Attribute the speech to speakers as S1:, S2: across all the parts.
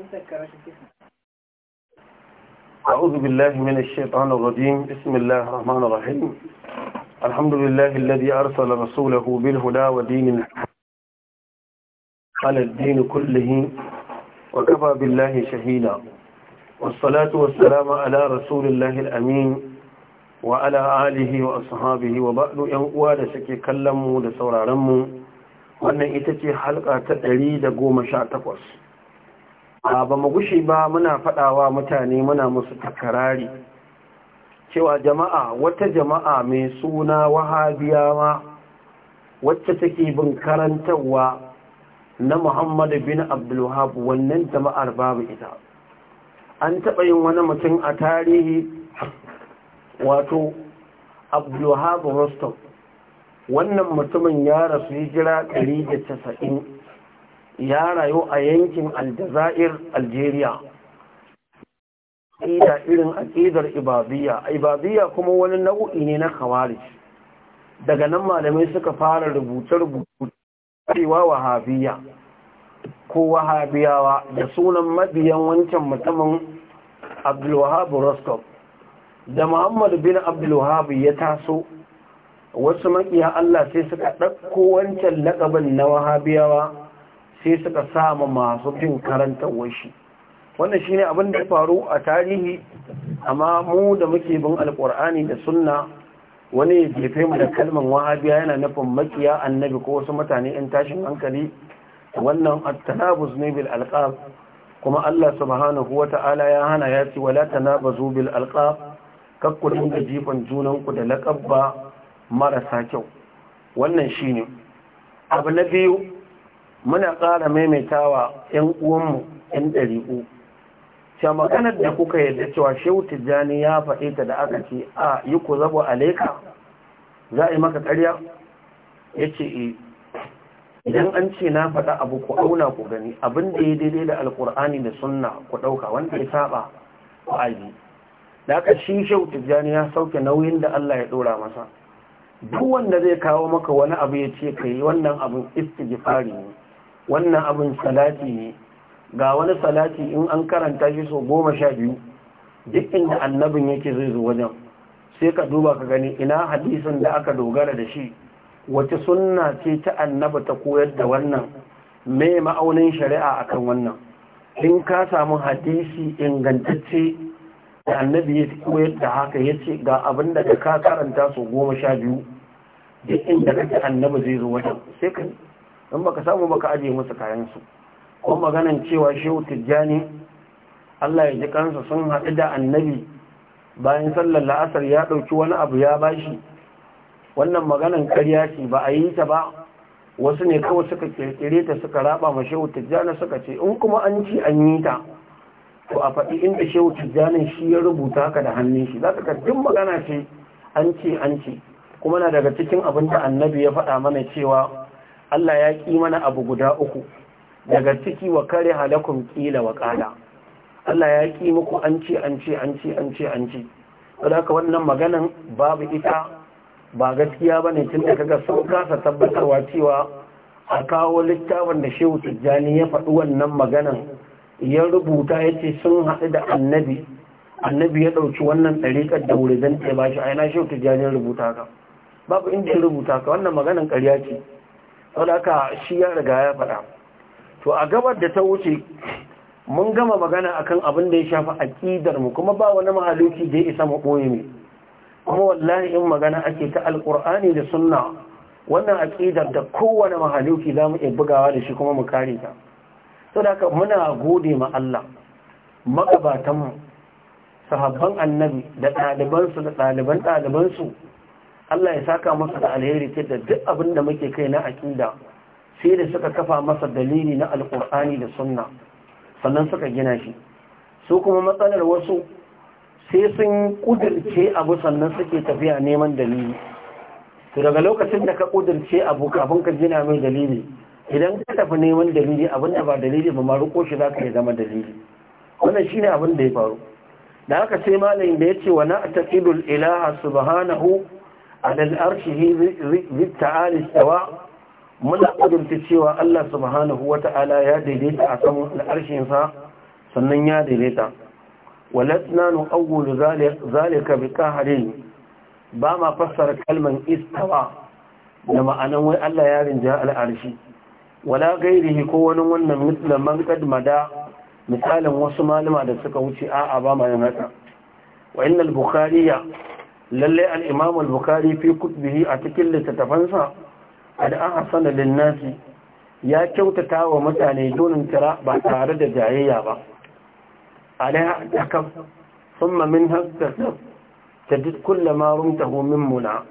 S1: fahimtar karatun kisa أعوذ بالله من الشيطان الرجيم بسم الله الرحمن الرحيم الحمد لله الذي أرسل رسوله بالهدى ودين على الدين كله وكفى بالله شهيدا والصلاة والسلام على رسول الله الأمين وعلى آله وأصحابه وبعد ينقوى لسكي كلمه لسورارمه وأن إتتي حلقة تقريد قوم شعتقوص ba mu gushe ba muna faɗawa mutane muna musu takarari cewa jama'a wata jama'a mai suna wahabiyawa wacce take bin karantarwa na muhammadu bin abdulwahab wannan jama'ar babu ita an taɓa yin wani mutum a tarihi wato abdulwahab rostov wannan mutumin ya rasu hijira 190 ya rayu a yankin aljazair algeria ita irin aƙidar ibadiyya ibadiyya kuma wani nau'i ne na khawarij daga nan malamai suka fara rubuce-rubuce cewa wahabiyya ko wahabiyawa da sunan mabiyan wancan mutumin abdulwahab rostov da muhammadu bin abdulwahab ya taso wasu makiya Allah sai suka ɗauko wancan laƙabin na wahabiyawa sai suka sama masu fin karantar shi wannan shine abin da ya faru a tarihi amma mu da muke bin alkur'ani da sunna wani ya jefe mu da kalmar wahabiya yana nufin makiya annabi ko wasu mutane in tashin hankali wannan at-tanabuz ne bil alqab kuma Allah subhanahu wata'ala ya hana ya ce wala tanabazu bil alqab kakku da jifan junan ku da ba marasa kyau wannan shine abu na biyu muna ƙara maimaitawa 'yan uwanmu 'yan ɗari'u Sha maganar da kuka yadda cewa shehu tijjani ya faɗe ta da aka ce a yi ku zabo a leka? za a yi maka ƙarya ya ce e, idan an ce na faɗa abu ku auna ku gani abin da ya daidai da alkur'ani da sunna ku ɗauka wanda ya saba ku aji da aka shi shehu tijjani ya sauke nauyin da Allah ya ɗora masa duk wanda zai kawo maka wani abu ya ce ka yi wannan abin istigifari ne wannan abin salati ne ga wani salati in an karanta shi so goma sha biyu duk inda annabin yake zai zo wajen sai ka duba ka gani ina hadisin da aka dogara da shi wace sunna ce ta annaba ta koyar da wannan mai ma'aunin shari'a akan wannan in ka samu hadisi ingantacce da annabi ya koyar da haka ya ce ga abin da ka karanta su goma sha biyu duk inda kake annaba zai zo wajen sai ka dan baka samu baka aje musu kayansu. su ko maganan cewa shehu tijjani Allah ya ji kansa sun haɗu da annabi bayan sallar la'asar ya ɗauki wani abu ya bashi wannan maganan karya ce ba a yi ta ba wasu ne kawai suka ƙirƙire ta suka raba ma shehu tijjani suka ce in kuma an ci an yi ta to a faɗi inda shehu tijjanin shi ya rubuta ka da hannun shi za ka duk magana ce an ce an ce kuma na daga cikin abin da annabi ya faɗa mana cewa Allah ya ƙi mana abu guda uku daga ciki wa kare halakun ƙila wa ƙala Allah ya ƙi muku an ce an ce an ce an ce an ce haka wannan maganan babu ita ba gaskiya ba ne tun da kaga sun kasa tabbatarwa cewa a kawo littafin da shehu tijjani ya faɗi wannan maganan ya rubuta ya ce sun haɗu da annabi annabi ya ɗauki wannan ɗariƙar da wuri zan ɗaya ba shi aina shehu tijjani ya rubuta ka babu inda ya rubuta ka wannan maganan ƙarya ce saboda shi ya riga ya faɗa to a gabar da ta wuce mun gama magana akan abin da ya shafi aqidar mu kuma ba wani mahaluki da ya isa mu koyi ne kuma wallahi in magana ake ta alqur'ani da sunna wannan aqidar da kowane mahaluki zamu iya bugawa da shi kuma mu kare ta da haka muna gode ma Allah magabatan mu sahabban annabi da ɗalibansu da daliban ɗalibansu Allah ya saka masa da alheri ta da duk abin da muke kai na akida sai da suka kafa masa dalili na Alkur'ani da sunna sannan suka gina shi su kuma matsalar wasu sai sun kudirce abu sannan suke tafiya neman dalili to daga lokacin da ka kudirce abu kafin ka gina mai dalili idan ka tafi neman dalili abin da ba dalili ba ma shi za ka yi zama dalili wannan shine abin da ya faru da haka sai malamin da ya ce wa na taqidul ilaha subhanahu على الأرش ذي التعالي muna ƙudurta cewa Allah subhanahu wa ta'ala ya daidaita a kan sa, sannan ya daidaita. Walatna nu agulu zalika bi ƙaharin ba ma fassara kalman istawa da ma'anan wai Allah ya rinja al'arshi. Wala gairihi ko wani wannan musulman kadmada misalin wasu malama da suka wuce a'a ba ma haka. Wa innal Bukhariya lalle al-imam al-bukhari fi kutubihi a cikin littattafansa ad ahsana lin-nasi ya kyautata wa mutane donin kira ba tare da jayayya ba a takam thumma min hakka tajid kullama rumtahu min muna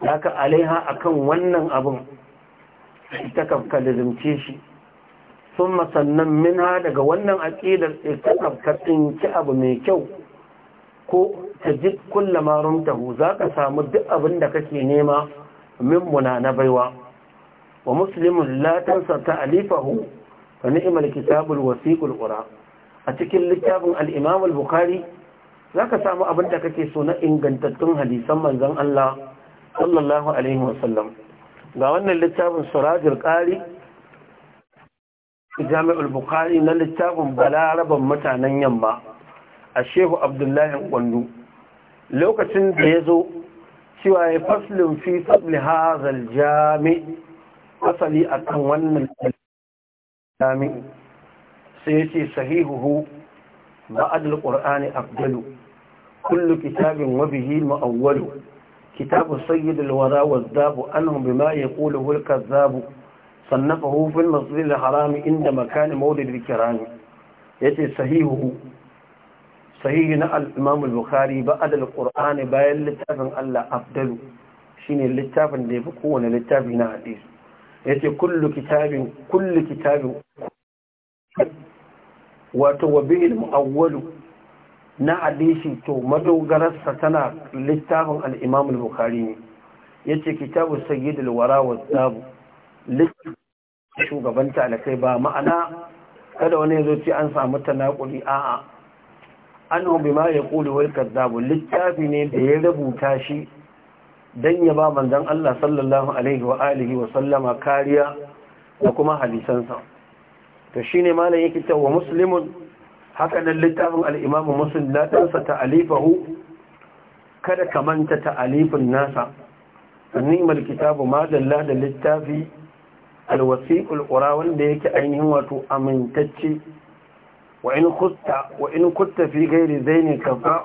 S1: laka alaiha akan wannan abun takam kalizumce shi thumma sannan minha daga wannan aqidar takam ka tsinci abu mai kyau ko ta ji kulla hu, za ka samu duk abin da kake nema min muna na baiwa wa muslimun la tansa alifahu fa ni'imar kitabul wasiqul qura a cikin littafin al-imam al-bukhari samu abin da kake so na ingantattun hadisan manzon Allah sallallahu alaihi wasallam ga wannan littafin surajul qari jami'ul bukhari na littafin balaraban mutanen yamma a shehu abdullahi kwandu lokacin da ya zo cewa ya faslin fi sabli hazal jami asali a kan wannan jami sai ce sahihuhu ma'adul ƙur'ani abdalu kullu kitabin wabihi ma'awwalu kitabu sayyidul wara wazzabu anhu bima ya kula hulkar zabu sannan fahufin masu zai harami inda makani maulid rikirani ya ce sahihuhu sahihi na al-Imam al-Bukhari ba'ad al bayan littafin Allah afdalu shine littafin da yafi kowane littafi na hadisi yace kullu kitabin kullu kitabin wato wa bihi al na hadisi to madogararsa tana littafin al-Imam al-Bukhari ne yace kitabu sayyid al-wara wa littafin shugabanta alakai ba ma'ana kada wani yazo ce an samu tanakuri a'a anhu bima yaqulu wal kazzabu littafi ne da ya rubuta shi dan ya ba manzon Allah sallallahu alaihi wa alihi wa sallama kariya da kuma hadisansa to shine malam yake cewa muslimun haka nan littafin al imam muslim la tansa ta'alifahu kada ka manta ta'alifin nasa ni'mal kitabu ma dalla da littafi alwasiqul qura wanda yake ainihin wato amintacce wa in kutta wa in fi ghairi zaini kafa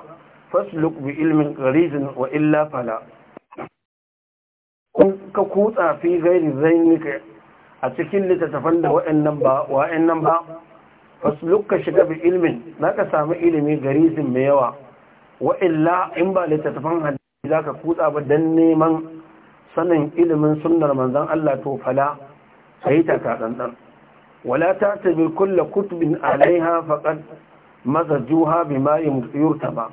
S1: wa illa fala ka kutsa fi ghairi a cikin littattafan da wa'annan ba wa'annan ba fasluk ka shiga bi ilmin zaka sami ilimi garizin mai yawa wa illa in ba littattafan hadisi zaka kutsa ba dan neman sanin ilimin sunnar manzon Allah to fala sai ta ka dandan wala ta tabi kulla kutubin alaiha faqad mazajuha bima yurtaba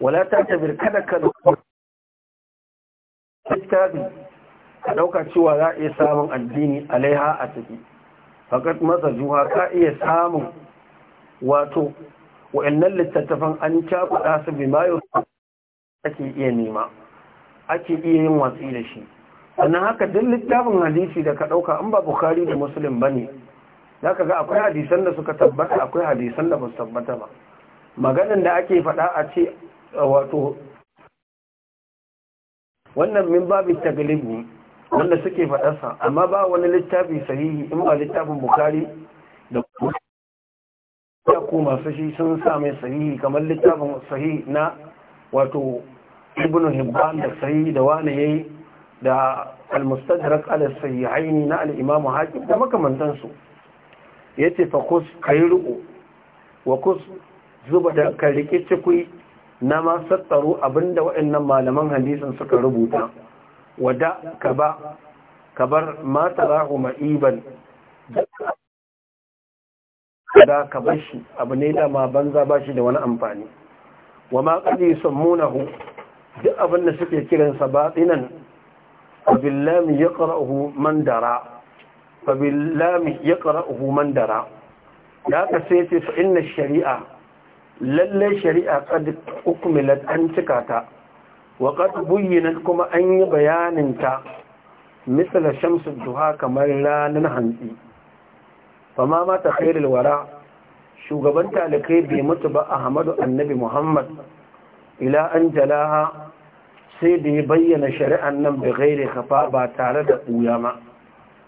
S1: wala ta tabi kada ka littafi ka dauka cewa za a iya samun addini alaiha a ciki faqad mazajuha ka iya samun wato wa'annan littattafan an cakuɗa su bima yurtaba ake iya nema ake iya yin watsi da shi sannan haka duk littafin hadisi da ka ɗauka in ba bukari da musulun ba ne za ka ga akwai hadisan da suka tabbata akwai hadisan da ba tabbata ba maganin da ake fada a ce wato wannan min babu taglibu wanda suke fadarsa, amma ba wani littafi sahihi in ba littafin bukari da kuma ko masu shi sun same sahihi kamar littafin sahihi na wato ibn hibban da sahihi da wani yayi da al-mustadrak al sahihaini na al-imam hakim da makamantansu ya ce fa kus wa kus zuba da ka cikui na ma abinda waɗannan malaman hadisin suka rubuta wada ka ba ka bar mata ra'u ma'iban da ka bar shi abu ne da ma banza ba shi da wani amfani wa ma ƙadi sun duk abinda suke kiransa batsinan abillahi ya ƙara'uhu man dara Fabilami ya yaqra'uhu man Mandara, ya ka sai ce fa shari'a Lallai shari'a qad ukmilat an cika ta wa qad kuma an yi bayanin ta misala shamsu duha kamar ranar hantsi fa ma mata khairul wara shugaban talakai bai mutu ba ahmadu annabi muhammad ila anjala. sai da ya bayyana shari'ar nan bai gaire kafa ba tare da ɓuya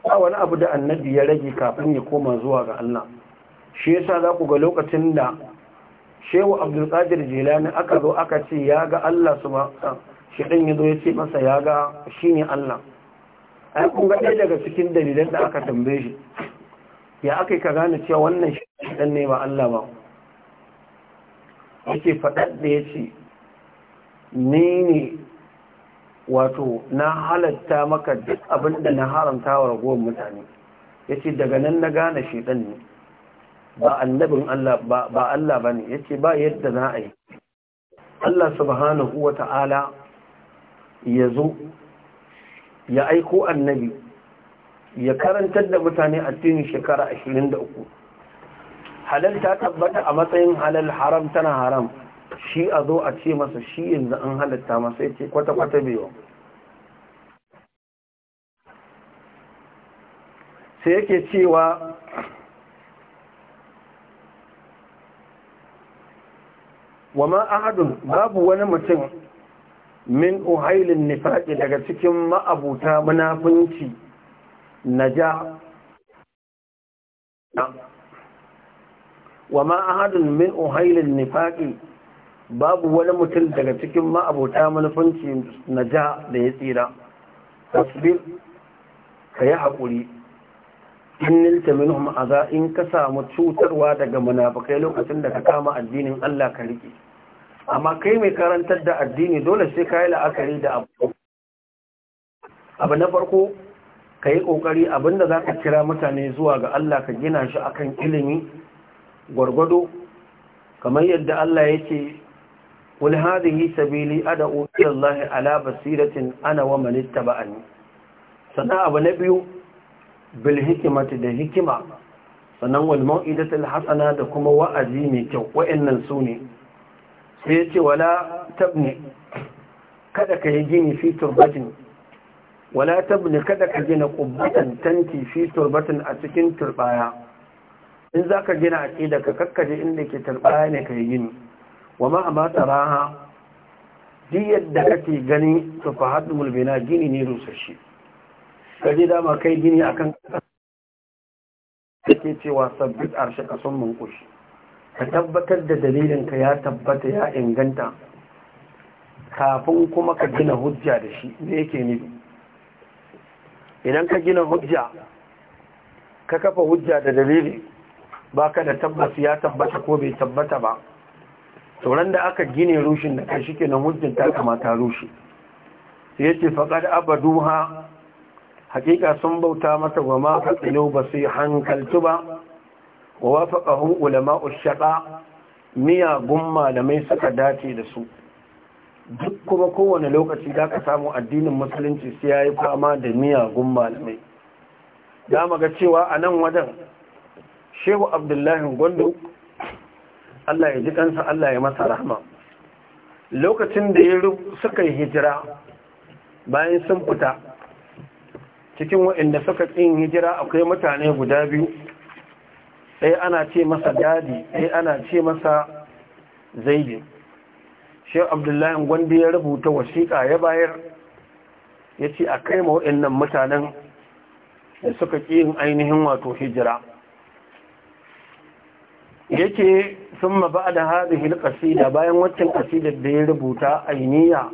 S1: ba wani abu da annabi ya rage kafin ya koma zuwa ga Allah shi yasa za ku ga lokacin da shehu abdulkadir jilani aka zo aka ce ya ga Allah su ma shiɗin ya zo ya ce masa ya ga shi ne Allah ai kun ga ɗaya daga cikin dalilan da aka tambaye shi ya aka yi ka gane cewa wannan shiɗin ne ba Allah ba yake faɗaɗ ya ce ni ne wato na halatta maka duk abinda na haramta wa ragowar mutane ya ce daga nan na gane shaidan ne ba annabin Allah ba Allah ba ne ya ce ba yadda za a yi Allah subhanahu wa ta'ala ya zo ya aiko annabi ya karantar da mutane a cikin shekara 23 halal ta tabbata a matsayin halal haram tana haram shi a zo a ce masa shi yanzu an halatta masa ya ce kwata-kwata biyu sai yake cewa wa ma ahadun babu wani mutum min uhailin nifaƙi daga cikin ma'abuta munafunci na ja wa ma ahadun min uhailin nifaƙi babu wani mutum daga cikin ma'abota manufanci na ja da ya tsira tasbir ka yi haƙuri in nilta minhum ma'aza in ka samu cutarwa daga munafukai lokacin da ka kama addinin Allah ka riƙe. amma kai mai karantar da addini dole sai ka yi la'akari da abu abu na farko ka yi ƙoƙari abinda za ka kira mutane zuwa ga Allah ka gina shi akan ilimi gwargwado kamar yadda Allah yake. قل هذه سبيلي أدعو إلى الله على بصيرة أنا ومن اتبعني سنة أبو نبي بالحكمة ده حكمة سنة والموئدة الحسنة دكما وأزيمي كو وإن نسوني سيتي ولا تبني kada ka yi gini fi turbatin wala tabni kada ka gina kubbatan tanti fi turbatin a cikin turbaya in za ka gina aƙida ka kakkaje inda ke turbaya ne ka yi gini wa ma ba ta raha duk yadda kake gani su fa haɗu gini ne rusashi ka dama kai gini akan kan kake cewa sabbin arshe kason mankushi ka tabbatar da dalilinka ya tabbata ya inganta kafin kuma ka gina hujja da shi ne yake nufi idan ka gina hujja ka kafa hujja da dalili ba ka da tabbas ya tabbata ko bai tabbata ba sauran da aka gine rushin da kai shike na hujjin ta kamata rushe sai faƙar faqad abaduha haƙiƙa sun bauta mata wa ma tsilo ba su hankalci ba wa wafaqahum miya gumma miyagun malamai suka dace da su duk kuma kowane lokaci da ka samu addinin musulunci sai yayi fama da miyagun malamai da maga cewa a nan wajen shehu abdullahi gondo Allah ya ji ɗansa, Allah ya masa rahama lokacin da ya suka yi hijira bayan sun fita cikin waɗanda suka yin hijira akwai mutane guda biyu ɗaya ana ce masa dadi ɗaya ana ce masa zaidi shi abdullahi gwandi ya rubuta wasiƙa ya bayar ya ce a kai ma waɗannan mutanen da suka ƙi ainihin wato hijira yake sun ma ba da hadihil ƙasida bayan waccan ƙasidar da ya rubuta ainiya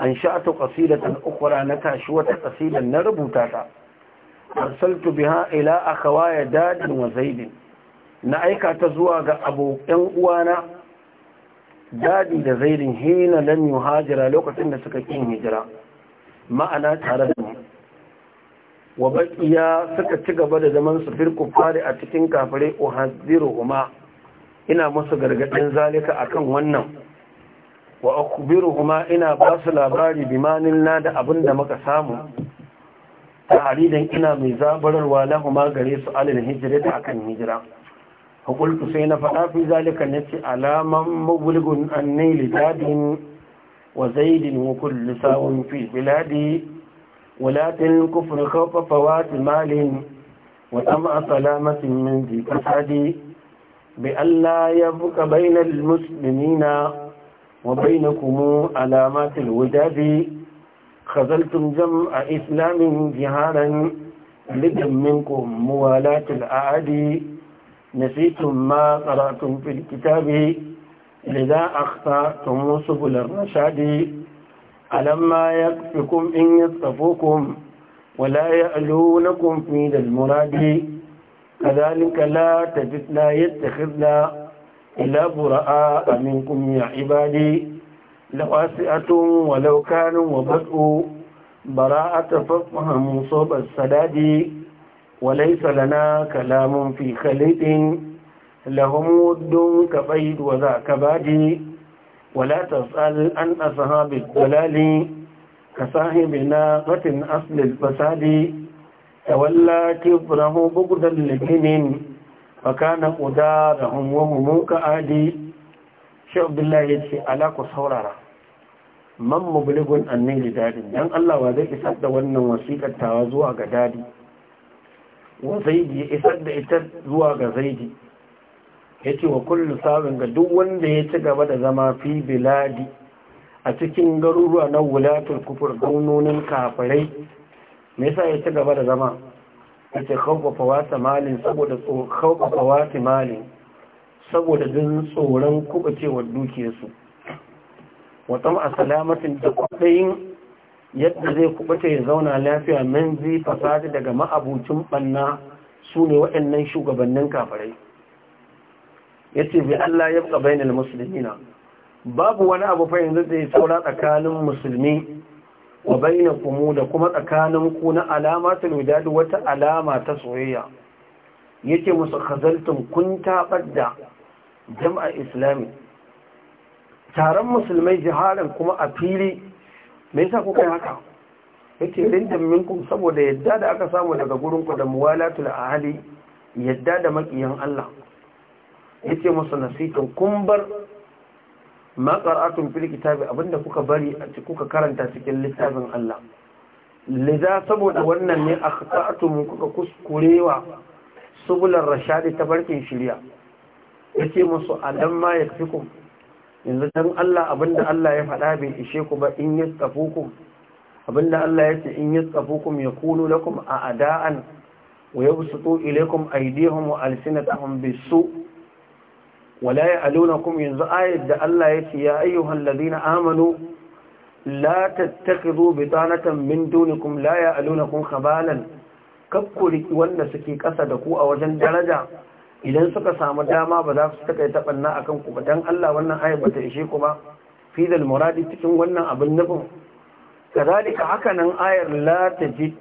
S1: an sha'atu ta ukura na tashi wata ƙasida na rubuta ta arsaltu biha ila ya dadin wa zaidin na aika ta zuwa ga abokan uwana daɗi da zaidin hina lam yuhajira lokacin da suka kin hijira ma'ana tare da wa baƙiya suka ci gaba da zaman su firku fari a cikin kafire kuma ina musu gargadin zalika akan wannan wa kuma ina basu su labari bimanin na da abinda muka samu tahridan ina mai zabararwa lahuma gare su alal hijrata akan hijira hukultu sai na faɗa fi zalika na ce alaman mabulgun annai lidadin wa zaidin wa fi biladi ولكن الكفر خوف فوات مالهم وطمع سلامة من ذي فساد بأن لا يبقى بين المسلمين وبينكم علامات الوداد خذلتم جمع إسلام جهارا لكم منكم موالاة الأعادي نسيتم ما قرأتم في الكتاب لذا أخطأتم سبل الرشاد ألما يكفكم إن يصفوكم ولا يألونكم في المراد كذلك لا تجدنا يتخذنا إلا براء منكم يا عبادي أسئة ولو كانوا وبدؤوا براءة فافهم صوب السداد وليس لنا كلام في خليط لهم ود كبيد وذاك كبادي wala ta tsali an a sahabi dalali ka sahibi na ratin asilil fasadi ta walla kifinahu bugudan likinin wa kana ƙuda da hannunmu ka adi sha'ubillahi ce alaƙa saurara man mubligun annin gidadin don Allah ba zai isar da wannan wasiƙar zuwa ga dadi wa ya isar da ita zuwa ga zaidi. yace wa kullum sabon ga duk wanda ya ci gaba da zama fi biladi a cikin garuruwa na wulatar kufur gaunonin kafirai me yasa ya ci gaba da zama ce khawfa wata malin saboda khawfa wata malin saboda jin tsoron kubacewar dukiyarsu wata a salamatin da kwaɗayin yadda zai kubuta ya zauna lafiya min zai fasadi daga ma'abucin ɓanna su ne waɗannan shugabannin kafirai yace bi Allah ya yabqa musulmi na babu wani abu fa yanzu zai saura tsakanin musulmi wa bainakum da kuma tsakanin ku na ta wadad wata alama ta soyayya yace musu khazaltum kun da jama'a islami taron musulmai jiharin kuma a fili me yasa kuka haka yace rindan minkum saboda yadda da aka samu daga gurinku ku da muwalatul ahali yadda da makiyan Allah yace musu nasikan kun bar ma qara'atum fil kitabi abinda kuka bari a kuka karanta cikin littafin Allah liza saboda wannan ne a akhta'tum kuka kuskurewa subular rashadi ta barkin shirya yace musu alam ma kun yanzu dan Allah abinda Allah ya faɗa bai ishe ku ba in ku abinda Allah yace in ya yakunu lakum a'da'an wa yabsutu ilaykum aydihim wa alsinatahum bis-su' wala kuma yanzu ayat da Allah ya ce ya ayyuhal ladina amanu la tattakhidhu bitanatan min dunikum la ya'alunakum khabalan kakkuri wanda suke kasa da ku a wajen daraja idan suka samu dama ba za su takai tabanna a kanku ba dan Allah wannan ayat bata ishe ku ba fi dal muradi cikin wannan abin nufin kadalika hakanan ayar la tajid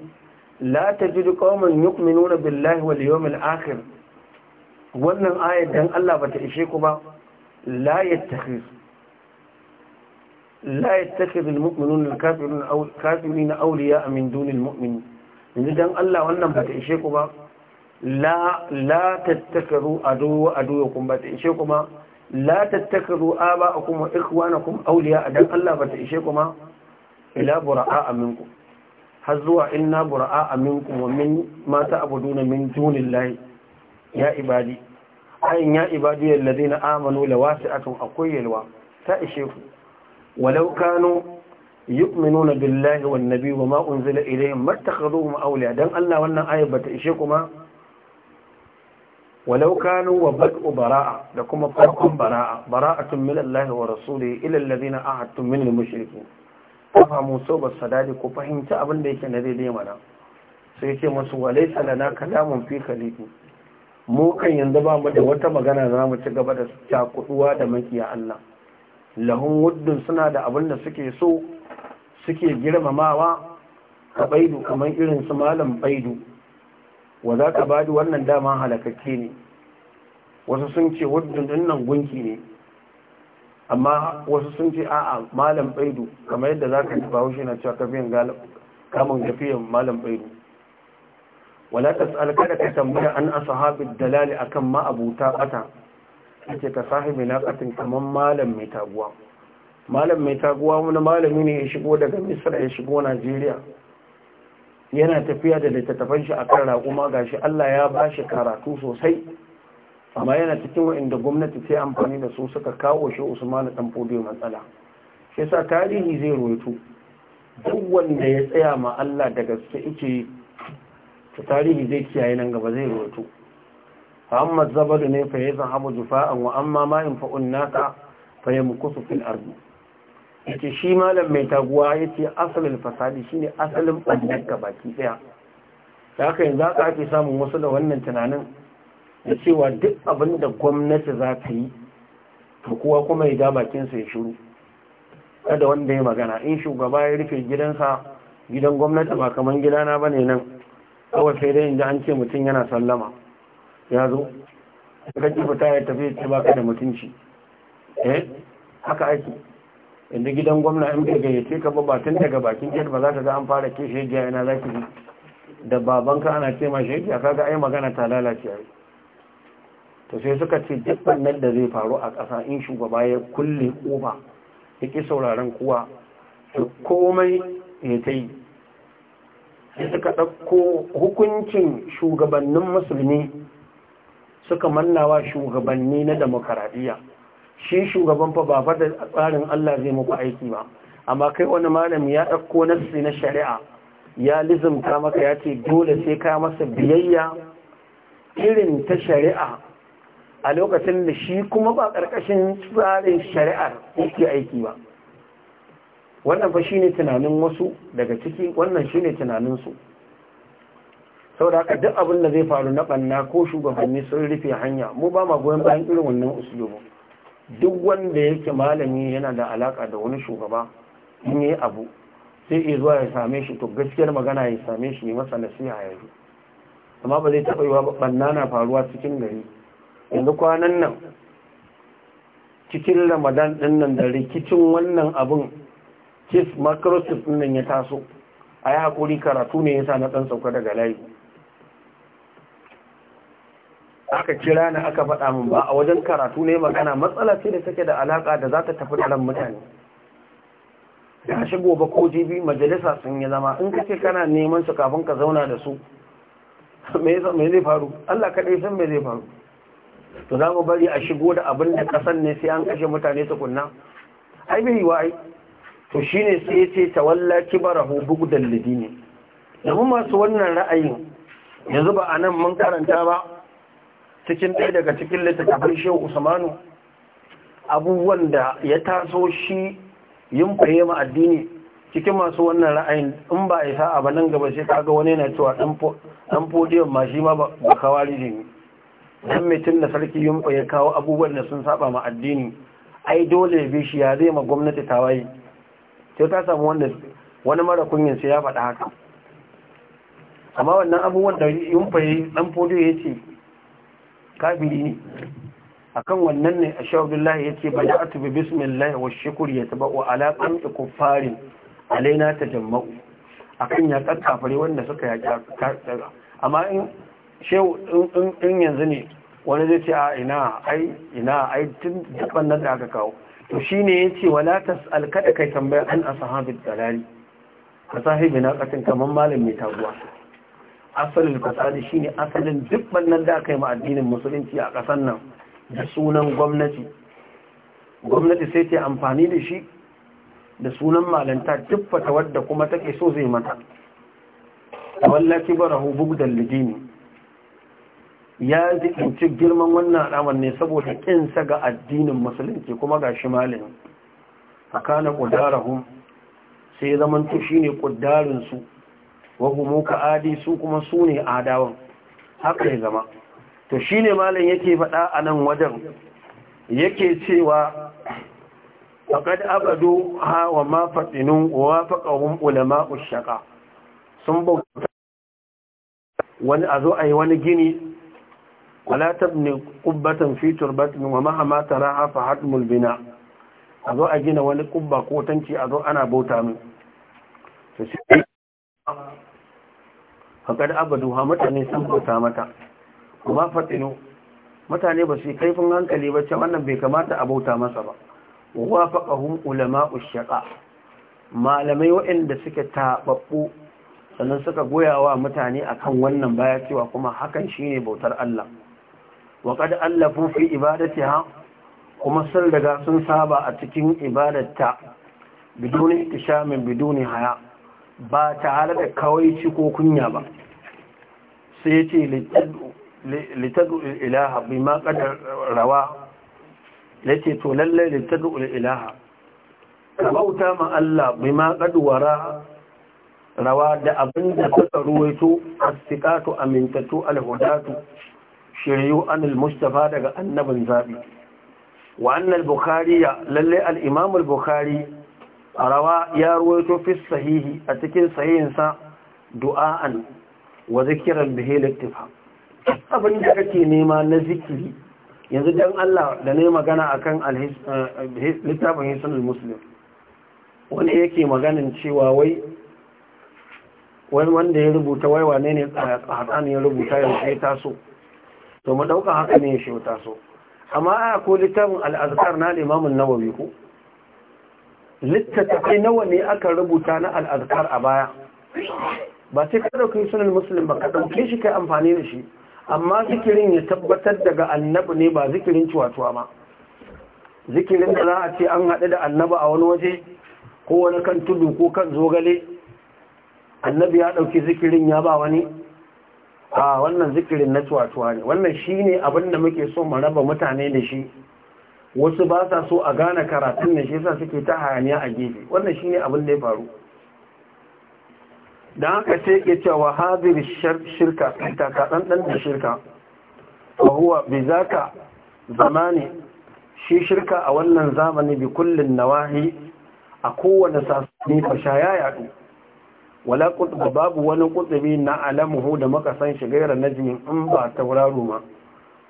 S1: la tajid qauman yu'minuna billahi wal yawmil akhir wannan ayar dan Allah bata ishe ku ba la yattakhiz la yattakhiz almu'minuna alkafiruna aw kafirina awliya min dunil mu'minin yanzu dan Allah wannan bata ishe ku ba la la tattakaru adu wa aduwakum bata ishe ku ba la tattakaru aba'akum wa ikhwanakum awliya dan Allah bata ishe ku ba ila bura'a minkum har zuwa inna bura'a minkum wa min ma ta'buduna min dunillahi ya ibadi ayin ya ibadi yallazi na amanu la wasi'atun akwai yalwa ta ishe ku walau kanu yu'minuna billahi wan nabi wa ma unzila ilayhim mattakhaduhum awliya dan Allah wannan ayat bata ishe kuma walau kanu wa bad'u bara'a da kuma farkon bara'a bara'atun min Allah wa rasulihi ila allazina ahadtum min al-mushrikin fa mu so ba sadadi ku abin da yake na daidai dai mana sai ce musu walaysa lana kalamun fi khaliqin mu kan yanzu ba mu da wata magana za mu ci gaba da cakuduwa da makiya Allah lahun wuddun suna da abin da suke so suke girmamawa ka baidu kamar irin su malam baidu wa za ka bada wannan dama halakakke ne wasu sun ce wuddun dinnan gunki ne amma wasu sun ce a'a malam baidu kamar yadda za ka ji bahaushe na cewa kamun kafiyan malam baidu wala tas'al kada ka tambaya an ashabi dalali akan ma abuta bata yake ka sahibi laqatin kaman malam mai taguwa malam mai taguwa wani malami ne ya shigo daga Misra ya shigo Najeriya yana tafiya da littattafan shi akan raƙuma gashi Allah ya ba shi karatu sosai amma yana cikin wa'inda gwamnati ta amfani da su suka kawo shi Usman dan fodiyo matsala shi sa tarihi zai roito duk wanda ya tsaya ma Allah da gaske yake to tarihi zai kiyaye nan gaba zai roto amma zabadu ne fa yazan habu jufa'an wa amma ma in fa'un naka fa yamkusu fil ardi yace shi malam mai taguwa ya yace asalin fasadi shine asalin bannan ka baki daya da haka yanzu aka ake samun wasu da wannan tunanin da cewa duk abin da gwamnati za ta yi to kowa kuma ya ja bakinsa ya shiru kada wanda ya magana in shugaba ya rufe gidansa gidan gwamnati ba kamar gidana bane nan kawai sai dai inda an ce mutum yana sallama ya zo ka ji fita ya tafi ce baka da mutunci eh haka aiki inda gidan gwamna in bai gayyace ka ba tun daga bakin gate ba za ka ga an fara ke shegiya yana za ki yi? da babanka ana ce ma shegiya kaga ai magana ta lalace ai to sai suka ce duk wannan da zai faru a ƙasa in shugaba ya kulle kofa ya ƙi sauraron kowa su komai ya ta yi da suka ɗauko hukuncin shugabannin musulmi suka mannawa shugabanni na demokaradiyya shi shugaban fa ba fata tsarin Allah zai muku aiki ba amma kai wani malami ya ɗauko nassi na shari'a ya lizumta maka ya ce dole sai ka masa biyayya irin ta shari'a a lokacin da shi kuma ba ƙarƙashin tsarin shari'ar yake aiki ba wannan fa shine tunanin wasu daga ciki wannan shine tunanin su saboda haka duk abin da zai faru na banna ko shugabanni sun rufe hanya mu ba ma goyon bayan irin wannan usulubu duk wanda yake malami yana da alaka da wani shugaba in yi abu sai ya zuwa ya same shi to gaskiyar magana ya same shi ne masa nasiha yanzu amma ba zai taɓa yi wa banna na faruwa cikin gari yanzu kwanan nan cikin ramadan ɗin nan da rikicin wannan abin chief microchip din nan ya taso a hakuri karatu ne yasa na ɗan sauka daga layi aka kira ni aka faɗa min ba a wajen karatu ne magana matsala ce da take da alaka da zata tafi da ran mutane Ya shigo ba ko jibi majalisa sun yi zama in ka kana neman su kafin ka zauna da su me yasa me zai faru Allah kaɗai san me zai faru to za mu bari a shigo da abin da ƙasan ne sai an kashe mutane tukunna ai bai yi wa ai to shi ne sai ya ce tawalla kibarahu bugdal ne. yanzu masu wannan ra'ayin yanzu ba a nan mun karanta ba cikin ɗaya daga cikin littattafan shehu usmanu abubuwan da ya taso shi yin ma addini cikin masu wannan ra'ayin in ba a isa a nan gaba sai kaga wani yana cewa dan podiyon ma shi ma ba kawari ne dan mutum da sarki yin ya kawo abubuwan da sun saba ma addini ai dole ya bi shi ya zai ma gwamnati ta waye. sai ta samu wannan wani mara kunyin sai ya faɗa haka amma wannan abubuwan da yin fayi ɗan fodo ya ce kafiri ne a kan wannan ne a sha'udullahi ya ce ba da atubi bismillah wa shukur ya taba wa alaƙan farin alaina ta kan ya yaƙar kafare wanda suka yaƙi amma in shehu in yanzu ne wani zai ce a ina ai ina ai tun dukkan nan da aka kawo to shi ne ya ce wala ta alkaɗa kai tambaya an ashabid dalali ka sahibi na katin kamar malam mai taguwa asalin shi ne asalin duk bannan da aka yi ma musulunci a ƙasar nan da sunan gwamnati gwamnati sai ta amfani da shi da sunan malanta duk fata wadda kuma take so zai mata wallaki barahu bugdan lidini ya zikinci girman wannan al'amar ne saboda ƙinsa ga addinin musulunci kuma ga shi malin a kana ƙudarahun sai zamantu shi ne ƙudarinsu wahumu ka adi su kuma su ne adawan haka ya zama to shi ne malin yake faɗa a nan wajen yake cewa faƙad abadu hawa mafaɗinin wa faƙahun ulama shaƙa sun bauta wani a zo a yi wani gini wala tabni qubbatan fi turbatin wa mahama taraha fa hadmul bina a zo a gina wani kubba ko tanci a zo ana bauta min su shi faƙar abadu ha mutane sun bauta mata kuma fatsino mutane ba su kaifin hankali ba ce wannan bai kamata a bauta masa ba wa faƙahun ulama ushaƙa malamai waɗanda suke taɓaɓɓu sannan suka goya wa mutane akan wannan baya cewa kuma hakan shine bautar Allah wa qad allafu fi ha? kuma sun daga sun saba a cikin ibadarta biduni tishamin biduni haya ba tare da kawai ci ko kunya ba sai ya ce litadu ilaha bi ma kadar rawa ya ce to lallai litadu ilaha kabauta ma Allah bi ma kaduwara rawa da abin da suka ruwaito astikatu amintatu alhudatu shiryu anil mustafa daga annabin zabi wa annal lallai lalle al imam bukhari rawa ya ruwaito fi sahihi a cikin sahihinsa du'a'an wa zikiran bihi liktifa abin da kake nema na zikiri yanzu dan Allah da ne magana akan eh, eh, littafin hisan muslim wani yake maganin cewa wai wani wanda ya rubuta wai wane ne eh, a ya rubuta yanzu ya taso to mu dauka haka ne ya shi wuta so amma a ko littafin al'azkar na limamin nawawi ko littattafai nawa ne aka rubuta na al'azkar a baya ba sai ka dauki sunan musulun ba ka dauke shi kai amfani da shi amma zikirin ya tabbatar daga annabi ne ba zikirin ciwatuwa ba zikirin da za a ce an haɗu da Annabi a wani waje ko wani kan tudu ko kan zogale annabi ya ɗauki zikirin ya ba wani a wannan zikirin na tuwatuwa ne wannan shi ne abin muke so mu raba mutane da shi wasu ba sa so a gane karatun da shi sa suke ta hayaniya a gefe wannan shi ne abin ya faru don haka sai ke cewa hadir shirka taka ɗanɗan da shirka wa huwa zamani shi shirka a wannan zamani bi na nawahi a kowane sasani fasha ya yaɗu wala qutba babu wani qutbi na alamuhu da muka san shi gairar najmin in ba tauraro ma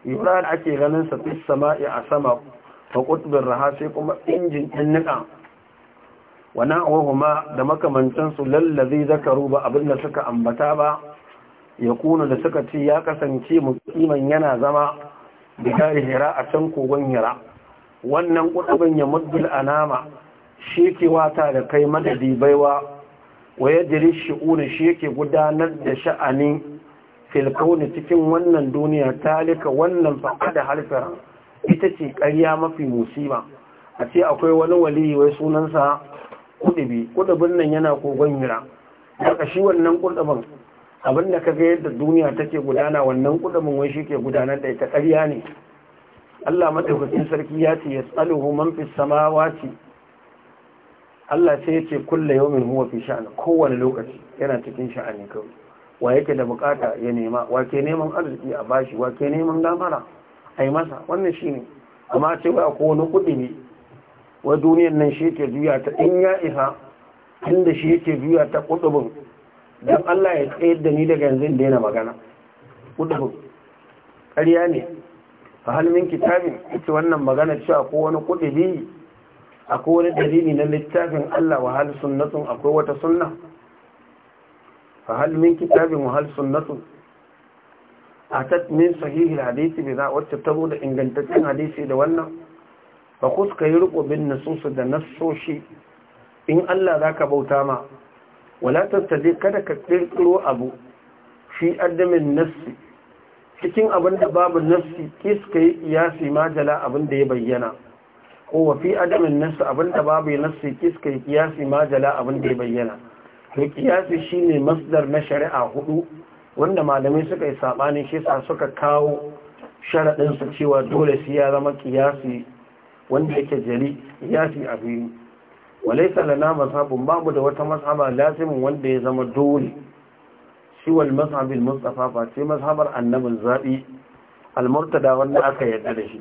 S1: yura da ake ganin sa fi sama'i a sama fa qutbin raha sai kuma injin din nika wa da makamantan su lallazi zakaru ba abin da suka ambata ba ya kuna da suka ci ya kasance mukiman yana zama bidar hira a can kogon hira wannan kudubin ya muddul anama shekewa ta da kai madadi baiwa wa ya jiri shi'uni shi yake gudanar da sha'ani filkauni cikin wannan duniya talika wannan da harfara. ita ce ƙarya mafi musiba a ce akwai wani waliyi wai sunansa kudubi kudubin nan yana kogon hira daga shi wannan kudubin abin kaga yadda duniya take gudana wannan kudubin wai shi ke gudanar da ita ƙarya ne Allah madaukakin sarki ya ce ya tsaluhu man fi samawati Allah sai ya ce kulle yawmin huwa fi sha'ani kowane lokaci yana cikin sha'ani kawai wa yake da bukata ya nema wa ke neman arziki a bashi wa ke neman gamara a yi masa wannan shine amma ce wa ko wani kuɗi ne wa duniyar nan shi yake juya ta in ya isa inda shi yake juya ta kudubin don Allah ya tsayar da ni daga yanzu daina magana kudubin ƙarya ne a halmin kitabin ita wannan magana cewa ko wani biyu? akwai wani dalili na littafin Allah wa hal sunnatun akwai wata sunna fa hal min kitabin wa hal sunnatun atat min sahihi hadisi bi za wacce ta da ingantaccen hadisi da wannan fa kuska yi bin nusus da nasoshi in Allah zaka bauta ma wala tattaje kada ka kirkiro abu fi adamin nafsi. cikin abinda babu nafsi, kiskai ya fi majala abin da ya bayyana ko wa fi adamin nasu abinda babu nasu kiska kiyasi majala abin da ya bayyana to kiyasi shi ne masdar na shari'a hudu wanda malamai suka yi sabanin shi sa suka kawo sharaɗinsu cewa dole sai ya zama kiyasi wanda yake jari kiyasi a biyu walai salana masabin babu da wata masaba lazimin wanda ya zama dole shi wal masabin mustafa ba sai masabar annabin zaɓi. al da wanda aka yarda da shi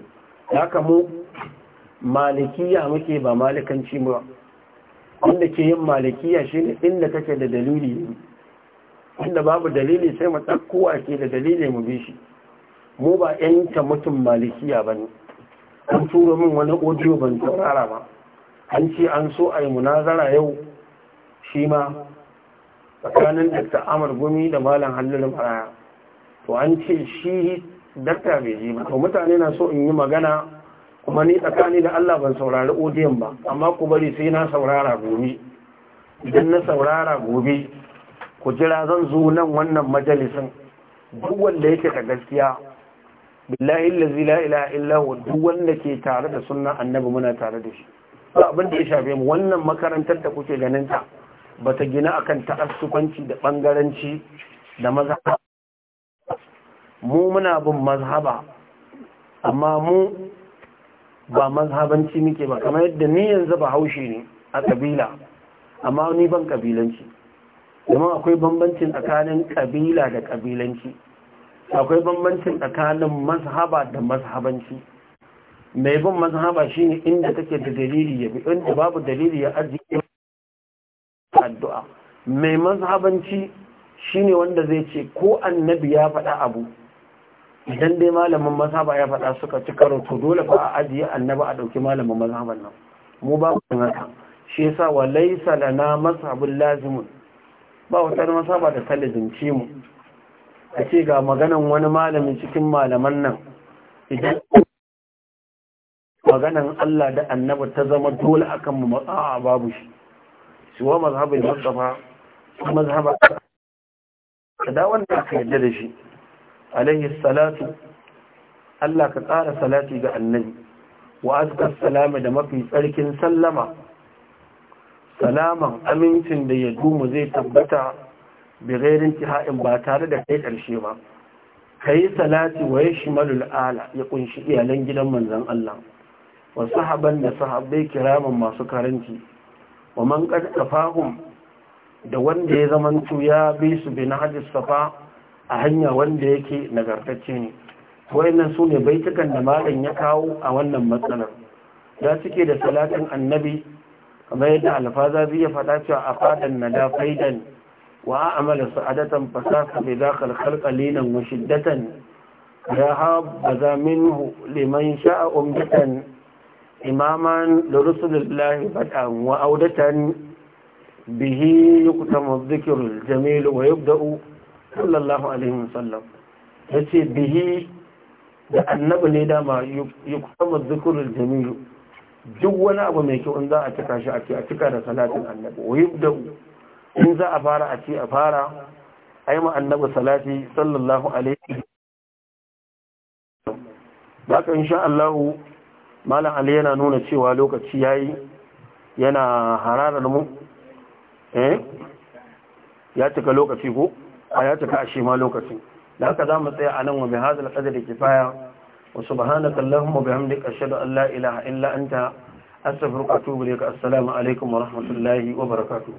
S1: haka mu malikiya muke ba malikanci ba wanda ke yin malikiya shi ne inda kake da dalili inda babu dalili sai mu ke da dalili mu bi shi mu ba yanta mutum malikiya ba ne an turo min wani audio ban saurara ba an ce an so a yi munazara yau shi ma tsakanin dakta amur gumi da malam hallul maraya to an ce shi dakta bai ji ba to mutane na so in yi magana kuma ni tsakani da Allah ban saurari odiyon ba amma ku bari sai na saurara gobe idan na saurara gobe ku jira zan zo nan wannan majalisin duk wanda yake da gaskiya billahi allazi la ilaha illa huwa duk wanda ke tare da sunnan annabi muna tare da shi ba abin da ya shafe mu wannan makarantar da kuke ganin ta bata gina akan ta'assufanci da bangaranci da mazhaba mu muna bin mazhaba amma mu ba mazhabanci muke ba kamar yadda ni yanzu ba haushi ne a kabila amma ni ban kabilanci domin akwai bambancin tsakanin kabila da kabilanci akwai bambancin tsakanin mazhaba da mazhabanci mai bin mazhaba shine inda take da dalili ya bi inda babu dalili ya arziki addu'a mai mazhabanci shine wanda zai ce ko annabi ya faɗa abu idan dai malamin mazhaba ya faɗa suka ci karo to dole fa a ajiye annaba a ɗauki malamin mazhaban nan mu ba ku haka shi yasa wa laysa lana mazhabul lazimun ba wata mazhaba da ta lazimce mu a ce ga maganan wani malami cikin malaman nan idan maganan Allah da annabi ta zama dole akan mu matsa a babu shi shi wa mazhabin mazhaba mazhaba da wanda aka yarda da shi alaihi salatu Allah ka ƙara salati ga annabi wa azkar salama da mafi tsarkin sallama salaman amincin da ya dumu zai tabbata birerin tiha'in ba tare da kai ƙarshe ba ka yi salati wa ya shimalul ala ya kunshi iyalan gidan manzan Allah wa sahaban da sahabbai kiraman masu karanci wa man ƙarƙafahun da wanda ya zamantu ya bi su bi na hajji safa a hanya wanda yake nagartacce ne wayannan su ne baitukan da malam ya kawo a wannan matsalar ya cike da salatin annabi kamar yadda alfaza zai faɗa cewa a fadan na da faidan wa amala sa'adatan fasasa bi zakal khalqalinan wa shiddatan ya habba minhu liman sha'a umdatan imaman lirusulillahi badan wa audatan bihi yuktamu dhikrul jamil wa yubda'u sallallahu alaihi wasallam ya ce bihi da annabi ne dama ma kuma zikirin jamil duk wani abu mai kyau in za a cika shi a ce a cika da salatin annabi wa yubda in za a fara a ce a fara ayi ma annabi salati sallallahu alaihi da ka insha Allah malam Ali yana nuna cewa lokaci yayi yana hararar mu eh ya cika lokaci ko a ya tafi a shi ma lokacin da haka za mu tsaya a nan wa bi hazal da kifaya wa subhanaka allahumma bihamdika ashhadu an la ilaha illa anta astaghfiruka wa atubu ilaik assalamu alaikum wa rahmatullahi wa barakatuh